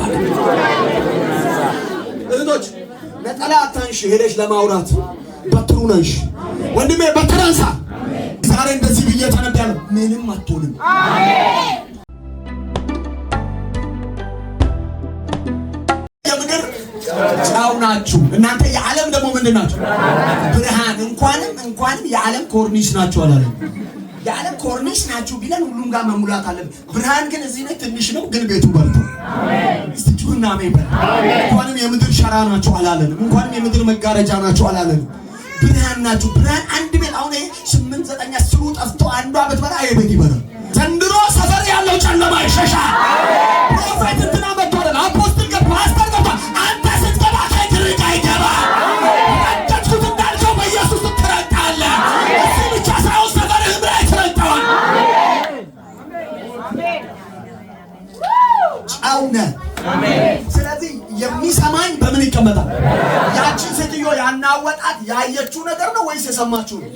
በለው እህቶች፣ ነጠላ አታንሽ፣ ሄደሽ ለማውራት በትሩ ነሽ። ወንድሜ በተራንሳ ዛሬ እንደዚህ ብዬ ተነዳለ፣ ምንም አትሆንም። የምድር ናችሁ እናንተ፣ የዓለም ደግሞ ምንድን ናችሁ? ብርሃን። እንኳንም እንኳንም የዓለም ኮርኒስ ናችሁ አላለም ያለ ኮርኒስ ናችሁ ቢለን ሁሉም ጋር መሙላት አለብን። ብርሃን ግን እዚህ ላይ ትንሽ ነው፣ ግን ቤቱ በልቶ ስትጩና ሜበ እንኳንም የምድር ሸራ ናችሁ አላለንም። እንኳንም የምድር መጋረጃ ናችሁ አላለንም። ብርሃን ናችሁ። ብርሃን አንድ ቤት አሁን ስምንት ዘጠኛ ስሩ ጠፍቶ አንዷ ብትበላ አይበ ስለዚህ የሚሰማኝ በምን ይቀመጣል? ያችን ሴትዮ ያናወጣት ያየችው ነገር ነው ወይስ የሰማችሁ ነው?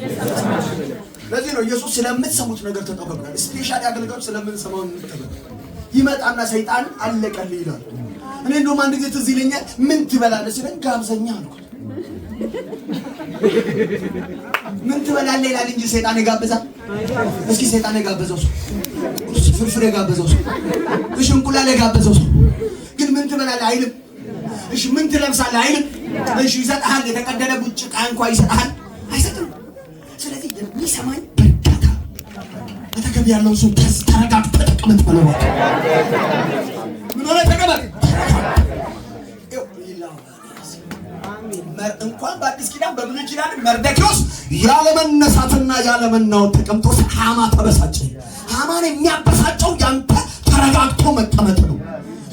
ለዚህ ነው ኢየሱስ ስለምትሰሙት ነገር ተጠበቅናል። ስፔሻል አገልጋዮች ስለምንሰማው እንጠበቅ። ይመጣና ሰይጣን አለቀልህ ይላል። እኔ እንደውም አንድ ጊዜ ትዝ ይለኛል። ምን ትበላለህ ሲለኝ ጋብዘኛ አልኩት። ምን ትበላለህ ይላል እንጂ ሰይጣን የጋበዛል። እስኪ ሰይጣን የጋበዘው ሰው ፍርፍር የጋበዘው ሰው እሽንቁላል የጋበዘው ሰው ምን ትበላለህ አይልም። እሺ ምን ትለብሳለህ አይልም። እሺ ይሰጥሃል። የተቀደደ ጭቃ እንኳን ይሰጥሃል አይሰጥም። ስለዚህ የሚሰማኝ በእርዳታ በተገቢ ያለው ሰው ተረጋግ፣ ተጠቀመጥ በለው ምን ሆነ ተቀመጥ እንኳን በአዲስ ኪዳን በብሉይ ኪዳን መርደኪዎስ ያለመነሳትና ያለመናወጥ ተቀምጦ ሐማ ተበሳጨ። ሐማን የሚያበሳጨው ያንተ ተረጋግቶ መቀመጥ ነው።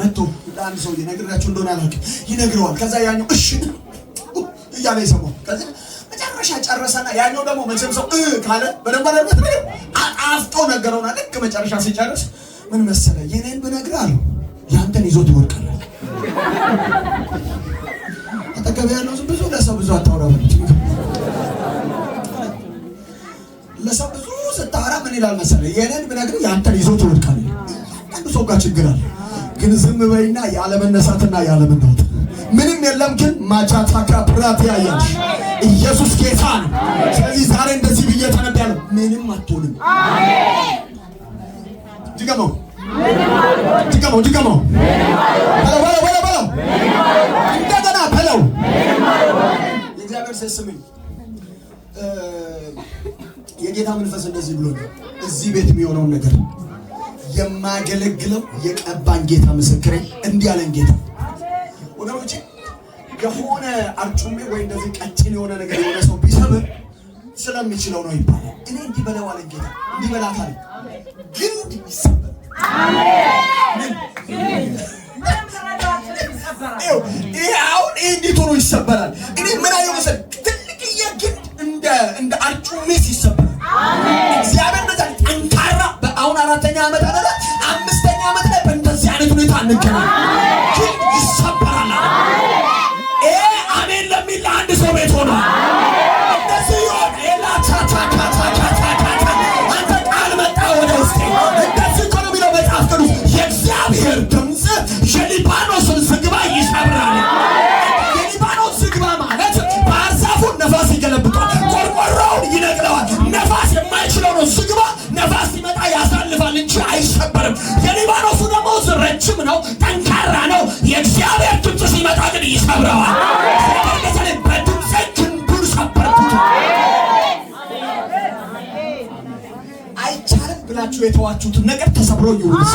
መቶ አንድ ሰው ነግራችሁ እንደሆነ አላውቅም፣ ይነግረዋል። ከዛ ያኛው እሺ እያለ ይሰማል። ከዛ መጨረሻ ጨረሰና ያኛው ደግሞ መቼም ሰው ካለ በደንብ አደረበት ነገር አጣፍጦ ነገረውና ልክ መጨረሻ ሲጨርስ ምን መሰለ የኔን ብነግርህ አለው ያንተን ይዞ ትወድቃለህ። አጠገብ ያለው ብዙ ለሰው ብዙ አታውራ ለሰው ብዙ ስታወራ ምን ይላል መሰለህ? የእኔን ብነግርህ ያንተን ይዞ ትወድቃለህ። አንዱ ሰው ጋር ችግር አለ ግን ዝም በይና ያለመነሳትና ያለመናወጥ ምንም የለም። ግን ማቻታካ ብራት ያያል ኢየሱስ ጌታ ነው። ስለዚህ ዛሬ እንደዚህ ብዬ ተነዳለሁ። ምንም አትሆንም። ድገመው፣ ድገመው፣ ድገመው። በለው በለው በለው በለው፣ እንደገና በለው። የእግዚአብሔር ሴት ስምኝ። የጌታ መንፈስ እንደዚህ ብሎ እዚህ ቤት የሚሆነውን ነገር የማገለግለው የቀባን ጌታ ምስክሬ እንዲህ ያለን ጌታ ወገኖቼ፣ የሆነ አርጩሜ ወይ እንደዚህ ቀጭን የሆነ ነገር የሆነ ሰው ቢሰብር ስለሚችለው ነው ይባላል። እኔ እንዲህ በለው አለን ጌታ፣ እንዲህ በላት አለ። ግን ይሰበር ይህ አሁን ይህ እንዴት ሆኖ ይሰበራል? እኔ ምን አየሁ መሰለህ ትልቅዬ ግንድ እንደ አርጩሜ ሲሰበራል እግዚአብሔር ጠንካራ በአሁን አራተኛ ዓመት እንገናኝ። ነፋስ ሲመጣ ያሳልፋል እንጂ አይሰበርም። የሊባኖሱ ደግሞ ረጅም ነው፣ ጠንካራ ነው። የእግዚአብሔር ድምፅ ሲመጣ ግን ይሰብረዋል። በድምፄ ብላችሁ የተዋችሁትን ነገር ተሰብሮ ይውልስ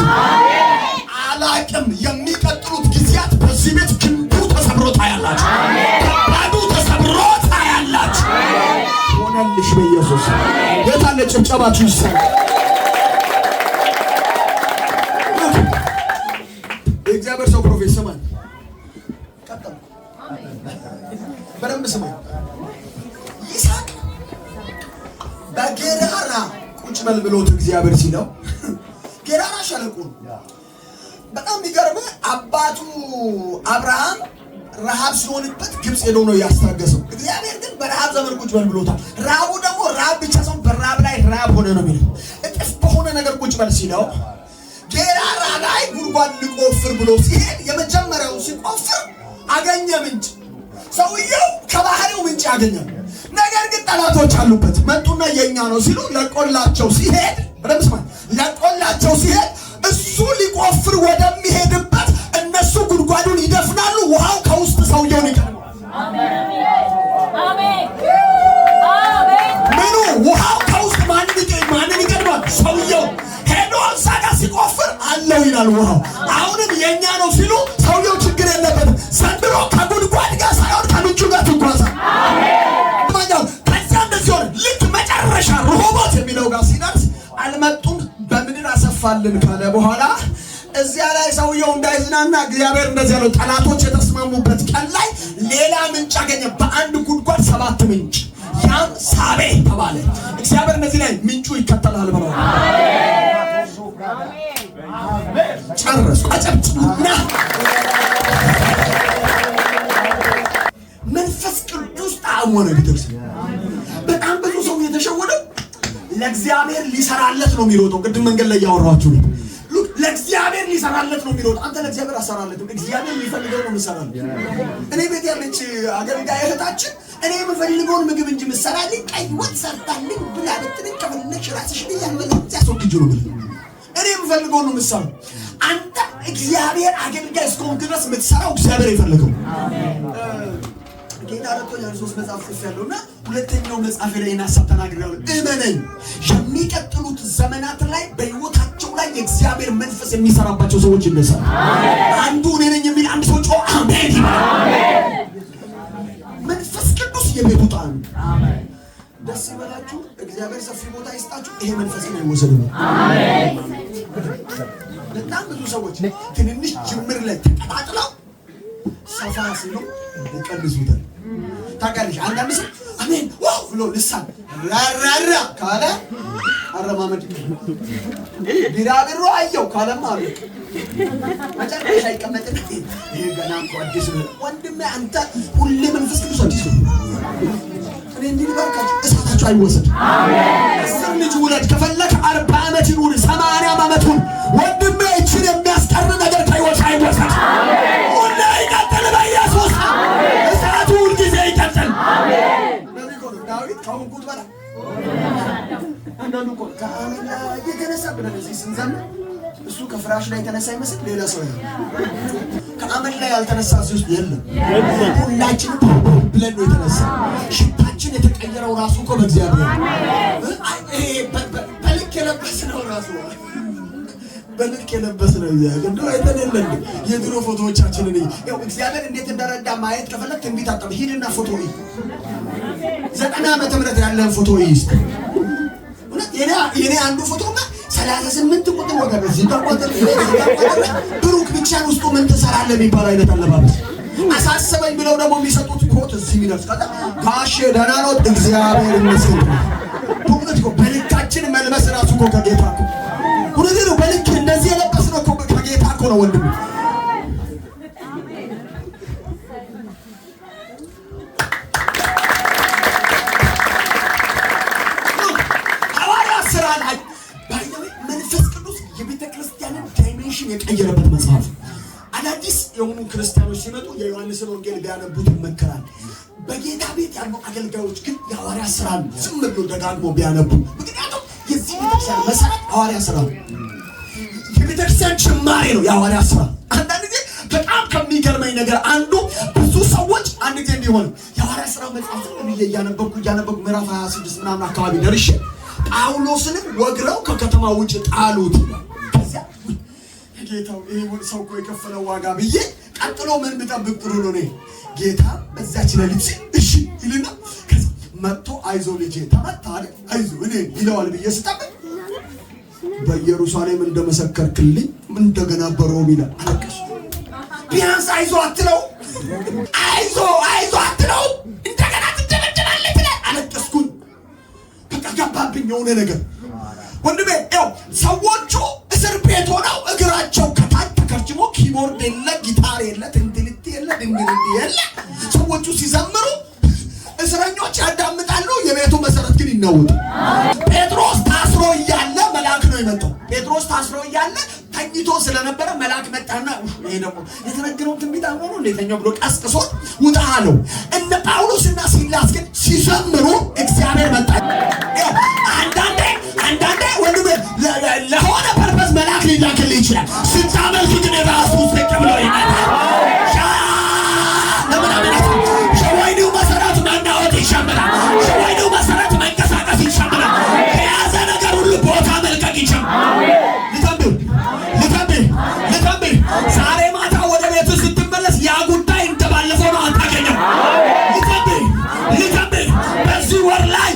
አላቅም። የሚቀጥሉት ጊዜያት በዚህ ቤት ግንቡ ተሰብሮ ታያላችሁ። በኢየሱስ ጌታ ጭብጨባችሁ ይሰራ። የእግዚአብሔር ሰው ፕሮፌት ስማኝ፣ በደንብ ስማኝ። ይስሐቅ በጌራራ ቁጭ በል ብሎት እግዚአብሔር ሲለው ጌራራ ሸለቆ በጣም የሚገርምህ አባቱ አብርሃም ረሃብ ሲሆንበት ግብፅ ሄዶ ነው ያስታገሰው። እግዚአብሔር ግን በረሃብ ዘመን ቁጭ በል ብሎታል። በራብ ብቻ ሰው በራብ ላይ ራብ ሆነ ነው የሚለው። እጥፍ በሆነ ነገር ቁጭ በል ሲለው ጌራራ ላይ ጉድጓድ ሊቆፍር ብሎ ሲሄድ የመጀመሪያው ሲቆፍር አገኘ ምንጭ። ሰውየው ከባህሪው ምንጭ ያገኘው ነገር ግን ጠላቶች አሉበት። መጡና የኛ ነው ሲሉ ለቆላቸው ሲሄድ ለቆላቸው ሲሄድ እሱ ሊቆፍር ወደሚ ሰውየው ሄዶ እዛ ሲቆፍር አለው ይላል። ውሃው አሁንም የእኛ ነው ሲሉ ሰውየው ችግር የለበትም። ዘንድሮ ከጉድጓድ ጋር ሳይሆን ከምንጩ ጋር ትጓዛል። ከዚያ እንደዚህ ሆነ። ልክ መጨረሻ ርሆቦት የሚለው ጋር ሲደርስ አልመጡም በምድር አሰፋልን ካለ በኋላ እዚያ ላይ ሰውየው እንዳይዝናና እግዚአብሔር እንደዚህ ያለው ጠላቶች የተስማሙበት ቀን ላይ ሌላ ምንጭ አገኘ። በአንድ ጉድጓድ ሰባት ምንጭ ያም ሳቤ ተባለ። እግዚአብሔር እነዚህ ላይ ምንጩ ይከተላል ብሎ ጨረሱ። አጨብጭና መንፈስ ቅዱስ ጣዕም ቢደርስ በጣም ብዙ ሰው የተሸወደው ለእግዚአብሔር ሊሰራለት ነው የሚሮጠው። ቅድም መንገድ ላይ እያወራኋችሁ ነው። ለእግዚአብሔር ሊሰራለት ነው የሚሮጠው። አንተ ለእግዚአብሔር አሰራለት እግዚአብሔር ሊፈልገው ነው የሚሰራለት። እኔ ቤት ያለች አገልጋይ እህታችን እኔ የምፈልገውን ምግብ እንጂ ምሰራልኝ ቀይ ወጥ ሰርታልኝ ብላ ብትልኝ ከፈለግሽ ራስሽን እያመለጥ ያስወግጅ ነው ብለ እኔ የምፈልገው ነው ምሰሩ። አንተ እግዚአብሔር አገልጋይ እስከሆንክ ድረስ የምትሰራው እግዚአብሔር የፈለገው ጌታ ረቶኛ ሶስት መጽሐፍ ጽፍ ያለው እና ሁለተኛው መጽሐፍ ላይ ናሳብ ተናግሬያለሁ። እመነኝ የሚቀጥሉት ዘመናት ላይ በህይወታቸው ላይ የእግዚአብሔር መንፈስ የሚሰራባቸው ሰዎች እንደሰራ አንዱ እኔ ነኝ የሚል አንድ ሲበላችሁ እግዚአብሔር ሰፊ ቦታ ይስጣችሁ። ይሄ መንፈስ ነው ነው። በጣም ብዙ ሰዎች ትንንሽ ጅምር ላይ ተቀጣጥለው ሰፋ ሲሉ ታውቃለሽ፣ አንዳንድ ሰው አሜን ብሎ ልሳን ራራራ ካለ አረማመድ ቢራቢሮ አየው ካለማ መጨረሻ ይሄ ገና አዲስ ነው ወንድሜ፣ አንተ ሁሌ መንፈስ ቅዱስ አዲስ ነው እንዲል ባርካችሁ እሳታችሁ አይወሰድ። አሜን። ልጅ ውለድ ከፈለክ አርባ ዓመት ይኑር ሰማንያ ዓመት ይኑር ወንድሜ፣ እችን የሚያስቀር ነገር ከሕይወት አይወሰድ። ሁሌ ይቀጥል በኢየሱስ እሳቱ ሁልጊዜ ይቀጥል። ዳዊት ከሁን በላ አንዳንዱ እኮ ከዓለም ላይ የተነሳ ብለን እዚህ ስንዘምር እሱ ከፍራሽ ላይ የተነሳ ይመስል ሌላ ሰው ነው። ከአመድ ላይ ያልተነሳ እዚህ ውስጥ የለም። ሁላችንም ብለን ነው የተነሳ የምንቀይረው ራሱ እኮ በእግዚአብሔር በልክ የለበስ ነው ራሱ በልክ የለበስ ነው። እግዚአብሔር እንደው አይተን የለን የድሮ ፎቶዎቻችንን ያው እግዚአብሔር እንዴት እንደረዳ ማየት ከፈለግ ትንቢት አጠብ ሂድና ፎቶ ዘጠና ዓመተ ምህረት ያለን ፎቶ ይስ የኔ አንዱ ፎቶ ሰላሳ ስምንት ቁጥር ወገን ብሩክ ብቻን ውስጡ ምን ትሰራለህ የሚባል አይነት አለባበስ አሳሰበኝ ብለው ደግሞ የሚሰጡት ኮት እዚህ የሚደርስ ከዛ ጋሼ ደህና ኖት እግዚአብሔር ይመስገን። በእውነት በልካችን መልበስ ራሱ እኮ ከጌታ እኮ በልክ እንደዚህ የለበስነው እኮ ከጌታ ነው ወንድም ቢያነቡት ይመከራል። በጌታ ቤት ያሉ አገልጋዮች ግን የሐዋርያ ስራ ዝም ብሎ ደጋግሞ ቢያነቡ፣ ምክንያቱም የዚህ ቤተክርስቲያን መሰረት ሐዋርያ ስራ ነው። የቤተክርስቲያን ጅማሬ ነው የሐዋርያ ስራ። አንዳንድ ጊዜ በጣም ከሚገርመኝ ነገር አንዱ ብዙ ሰዎች አንድ ጊዜ እንዲሆን የሐዋርያ ስራ መጽሐፍ ብዬ እያነበብኩ እያነበብኩ ምዕራፍ 26 ምናምን አካባቢ ደርሼ ጳውሎስንም ወግረው ከከተማ ውጭ ጣሉት። ጌታው ይህ ሰው እኮ የከፈለው ዋጋ ብዬ ቀጥሎ ምን ብጠብቅ ጥሩ ነው ጌታ በዛች ሌሊት እሺ ይልና መጥቶ አይዞ ልጄ ተመታ አይደል አይዞ እኔ ይለዋል ብዬ ስጠብቅ በኢየሩሳሌም እንደመሰከርክልኝ እንደገና በሮም ይላል። አለቀሱ ቢያንስ አይዞ አትለው አይዞ አይዞ አትለው እንደገና ትደበደባለች ይላል። አለቀስኩኝ። በቃ ገባብኝ የሆነ ነገር ወንድሜ ያው ሰዎቹ እስር ቤት ሆነው እግራቸው ከታች ተከርችሞ ኪቦርድ የለ ጊታር የለ የለ ድንግል እንዲህ የለ። ሰዎቹ ሲዘምሩ እስረኞች ያዳምጣሉ፣ የቤቱ መሰረት ግን ይናወጣል። ጴጥሮስ ታስሮ እያለ መልአክ ነው የመጣው። ጴጥሮስ ታስሮ እያለ ተኝቶ ስለነበረ መልአክ መጣና ይሄ ደግሞ የተነገረውን ትንቢት አምኖ እንደተኛው ብሎ ቀስቅሶት ውጣ አለው። እነ ጳውሎስና ሲላስ ግን ሲዘምሩ እግዚአብሔር መጣ። አንዳንዴ አንዳንዴ ወንድሜ ለሆነ ፐርፐዝ መልአክ ሊላክልህ ይችላል። ስታመልክ ግን ራሱ you